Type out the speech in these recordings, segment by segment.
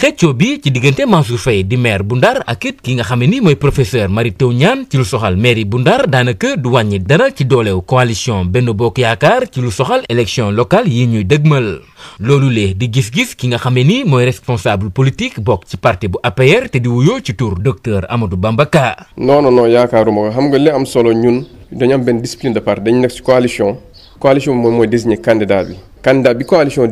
xeccoo bi ci diggante Mansour fay di maire bu Ndar ak it ki nga xam ne ni mooy professeur Mary Teuw ñaan ci lu soxal mairie bu Ndar daanaka du wàññi dara ci dooleewu coalition benn Bokk Yaakaar ci lu soxal élection locale yi ñuy mal loolu lee di gis-gis ki nga xam ne ni mooy responsable politique bokk ci parti bu APR te di wuyoo ci tur docteur amatu Bamba Ka non non non yaakaaruma ko xam nga li am solo ñun dañu am benn discipline de parti dañu nekk ci coalition coalition bi moom mooy désigner candidat bi candidat bi coalition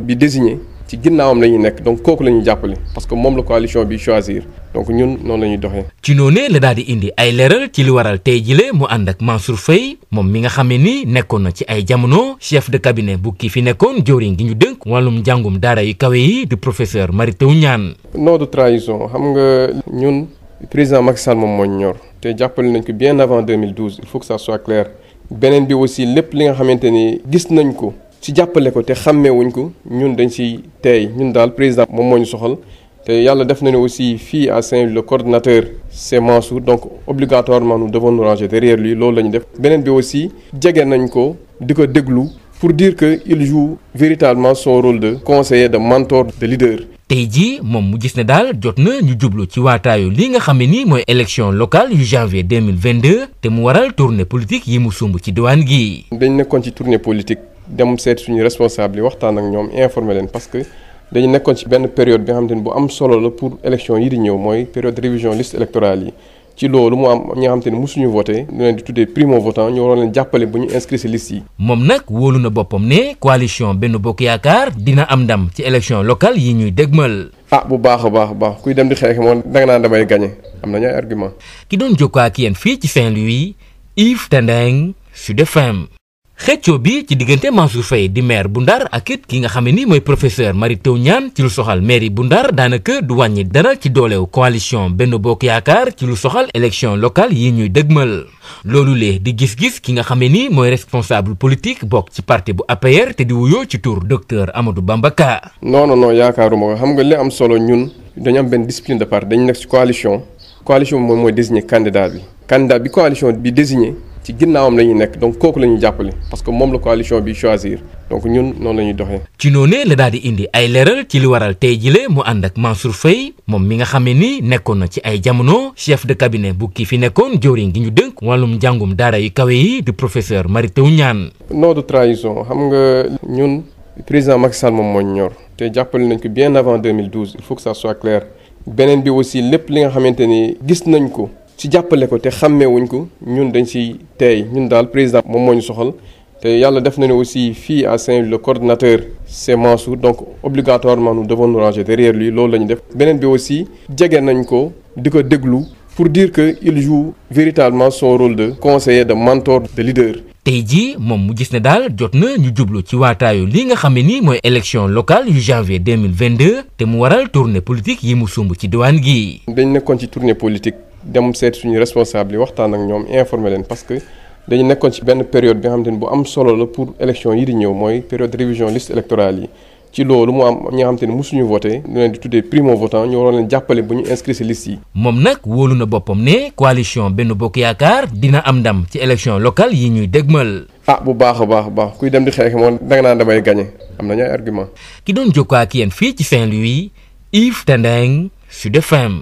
ci ginnaawam la ñuy nekk donc kooku lañuy jàppale parce que moom la coalition bi choisir donc ñun noonu la ñuy doxee. ci noonee la daal di indi ay leeral ci li waral tey jile mu ànd ak Mansour Faye moom mi nga xam ne ni nekkoon na ci ay jamono chef de cabinet bu kii fi nekkoon jëwriñ gi ñu dënk wàllum njàngum daara yu kawe yi di professeur Mary Teuw Niane. non de trahison xam nga ñun président Macky Sall moom moo ñor te jàppale nañ ko bien avant 2012 il faut que ça bi aussi lépp li nga xamante ni gis nañ ko. ci jàppale ko te xàmmeewuñ ko ñun dañ si tey ñun daal président moom mooñu soxal te yàlla def na ne aussi fii à saint coordinateur le coordonnateur c'est Mansour donc obligatoirement nous devons nous ranger loolu lañu def beneen bi aussi jege nañ ko di ko déglu pour diir que il joue véritablement son rôle de conseiller de mentor de leader tey jii moom mu gis ne daal jot na ñu jublu ci waataayu li nga xam ne ni mooy élection locale yu janvier 2022 te mu waral tournée politique yi mu sumb ci diwaan gi dañ nekkoon ci tournée politique dem seet suñu responsable yi waxtaan ak ñoom informer leen parce que dañu nekkoon ci benn période bi nga xamante ni bu am solo la pour élection yi di ñëw mooy période révision liste électorale yi ci loolu mu am ñi nga xamante ni musuñu voté ñu leen di tuddee primo votant ñu waroon leen jàppale bu ñu inscrit ci liste yi. moom nag woolu na boppam ne coalition benn bokk yaakaar dina am ndam ci élection locale yi ñuy dégmal. ah bu baax a baax a baax kuy dem di xeex moom danga naan damay gagné am nañu ay argument. ki doon jokkoo yéen fii ci Saint-Louis Yves Tendeng Sud FM. xeccoo bi ci diggante Mansour fay di maire bu Ndar ak it ki nga xam ne ni mooy professeur Mary Teuw Niane ci lu soxal mairie bu Ndar daanaka du wàññi dara ci dooleew coalition benn Bokk Yaakaar ci lu soxal élection locale yi ñuy dëgmal loolu lee di gis-gis ki nga xam ne ni mooy responsable politique bokk ci parti bu APR te di wuyoo ci tur docteur amatu Bamba Ka non non non yaakaaruma ko xam nga li am solo ñun dañu am benn discipline de parti dañu nekk ci coalition coalition moom mooy désigner candidat bi bi coalition bi désigner ci ginnaawam la nekk donc kooku la ñuy jàppale parce que moom la coalition bi choisir donc ñun noonu la ñuy doxee. ci noonee la daal di indi ay leeral ci li waral tey jile mu ànd ak Mansour Faye moom mi nga xamee ni nekkoon na ci ay jamono chef de cabinet bu kii fi nekkoon jëwriñ gi ñu dënk wàllum njàngum daara yu kawe yi di professeur Mary Teuw Niane. non de trahison xam nga ñun président Macky Sall moom moo ñor te jàppale nañ ko bien avant 2012 il faut que ça soit bi aussi lépp li nga xamante ni gis nañ ko. ci jàppale ko te xàmmeewuñ ko ñun dañ si tey ñun daal président moom mooñu soxal te yàlla def na ne aussi fii à saint coordinateur c'est Mansour donc obligatoirement nous devons nous ranger derrière lui loolu la def beneen bi aussi jege nañ ko di ko déglu pour diir que il joue véritablement son rôle de conseiller de mentor de leader. tey jii moom mu gis ne daal jot na ñu jublu ci waataayu li nga xam ne ni mooy élection locale yu janvier 2022 te mu waral tournée politique yi mu sumb ci diwaan gi. dañ nekkoon ci tournée politique. dem seet suñu responsable yi waxtaan ak ñoom informer leen parce que dañu nekkoon ci benn période bi nga xamante ni bu am solo la pour élection yi di ñëw mooy période révision liste électorale yi ci loolu mu am ñi nga xamante ni mosuñu voté ñu leen di tuddee primo votant ñu waroon leen jàppale ba ñu inscrit si liste yi. moom nag wóolu na boppam ne coalition benn bokk yaakaar dina am ndam ci élection locale yi ñuy dégmal. ah bu baax a baax a baax kuy dem di xeex moom danga naan damay gagné am nañu ay argument. ki doon jokkoo ak yéen fii ci Saint-Louis Yves Tendeng Sud FM.